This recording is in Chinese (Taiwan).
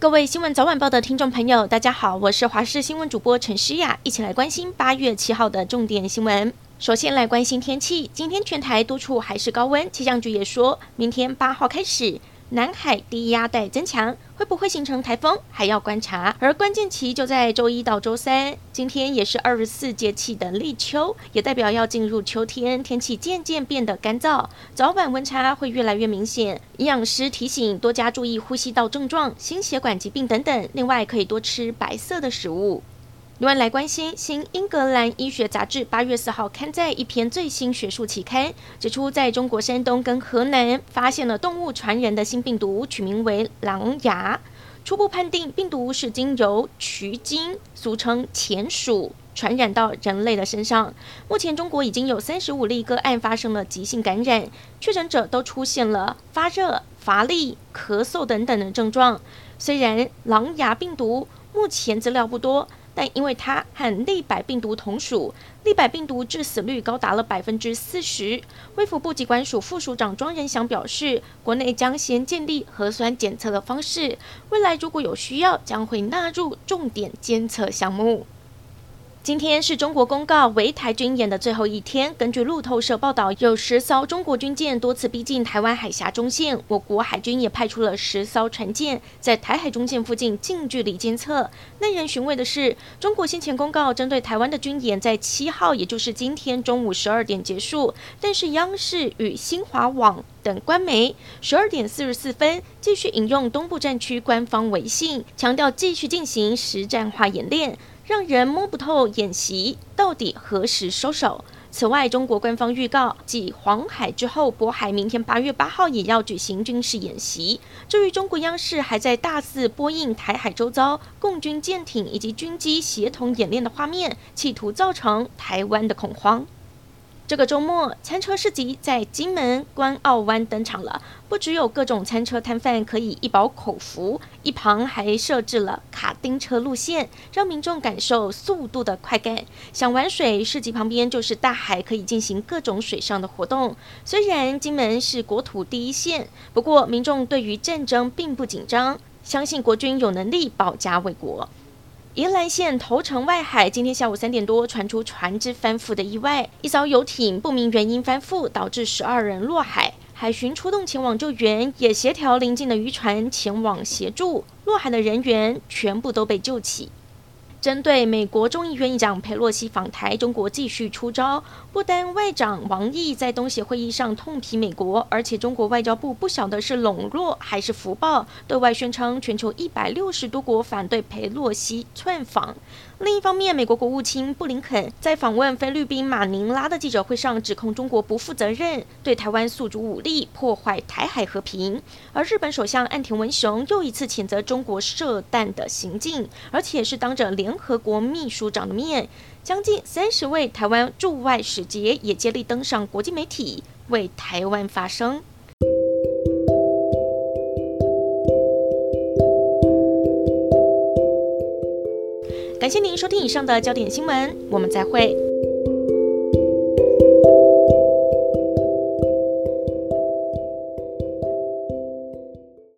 各位新聞早晚報的聽眾朋友，大家好，我是華視新聞主播陳詩雅，一起來關心八月七號的重點新聞。首先來關心天氣，今天全台多處還是高溫，氣象局也說明天八號開始。南海低壓帶增強，會不會形成颱風還要觀察。而關鍵期就在周一到周三。今天也是二十四節氣的立秋，也代表要進入秋天，天氣漸漸變得乾燥，早晚溫差會越來越明顯。營養師提醒，多加注意呼吸道症狀、心血管疾病等等。另外，可以多吃白色的食物。另外，來關心《新英格蘭醫學雜誌》八月四號刊載一篇最新學術期刊，指出在中國山東跟河南發現了動物傳人的新病毒，取名為“瑯琊”。初步判定病毒是經由鼩鼱（俗稱田鼠）傳染到人類的身上。目前，中國已經有三十五例個案發生了急性感染，確診者都出現了發熱、乏力、咳嗽等等的症狀。雖然“瑯琊”病毒目前資料不多。但因為它和立百病毒同屬，立百病毒致死率高達了百分之四十。衛福部疾管署副署長莊仁祥表示，國內將先建立核酸檢測的方式，未來如果有需要，將會納入重點監測項目。今天是中國公告圍台軍演的最後一天。根據路透社報道，有十艘中國軍艦多次逼近台灣海峽中線，我國海軍也派出了十艘船艦在台海中線附近近距離監測。耐人尋味的是，中國先前公告針對台灣的軍演在七號，也就是今天中午十二點結束。但是央視與新華網等官媒十二點四十四分繼續引用東部戰區官方微信，強調繼續進行實戰化演練。讓人摸不透演習到底何時收手。此外，中國官方預告，繼黃海之後，渤海明天八月八號也要舉行軍事演習。至於中國央視，還在大肆播映台海周遭共軍艦艇以及軍機協同演練的畫面，企圖造成台灣的恐慌。這個周末，餐車市集在金門官澳灣登場了。不只有各種餐車攤販可以一飽口福，一旁還設置了卡丁車路線，讓民眾感受速度的快感。想玩水，市集旁邊就是大海，可以進行各種水上的活動。雖然金門是國土第一線，不過民眾對於戰爭並不緊張，相信國軍有能力保家衛國。宜蘭縣頭城外海，今天下午三點多傳出船隻翻覆的意外，一艘遊艇不明原因翻覆，導致十二人落海。海巡出動前往救援，也協調鄰近的漁船前往協助。落海的人員全部都被救起。針對美國眾議院議長裴洛西訪台，中國繼續出招。不但外長王毅在東協會議上痛批美國，而且中國外交部不曉得是籠絡還是福報，對外宣稱全球一百六十多國反對裴洛西竄訪。另一方面，美國國務卿布林肯在訪問菲律賓馬尼拉的記者會上，指控中國不負責任，對台灣訴諸武力，破壞台海和平。而日本首相岸田文雄又一次譴責中國射彈的行徑，而且是當着聯。聯合國秘書長的面，將近三十位台灣駐外使節也接力登上國際媒體，為台灣發聲。感謝您收聽以上的焦點新聞，我們再會。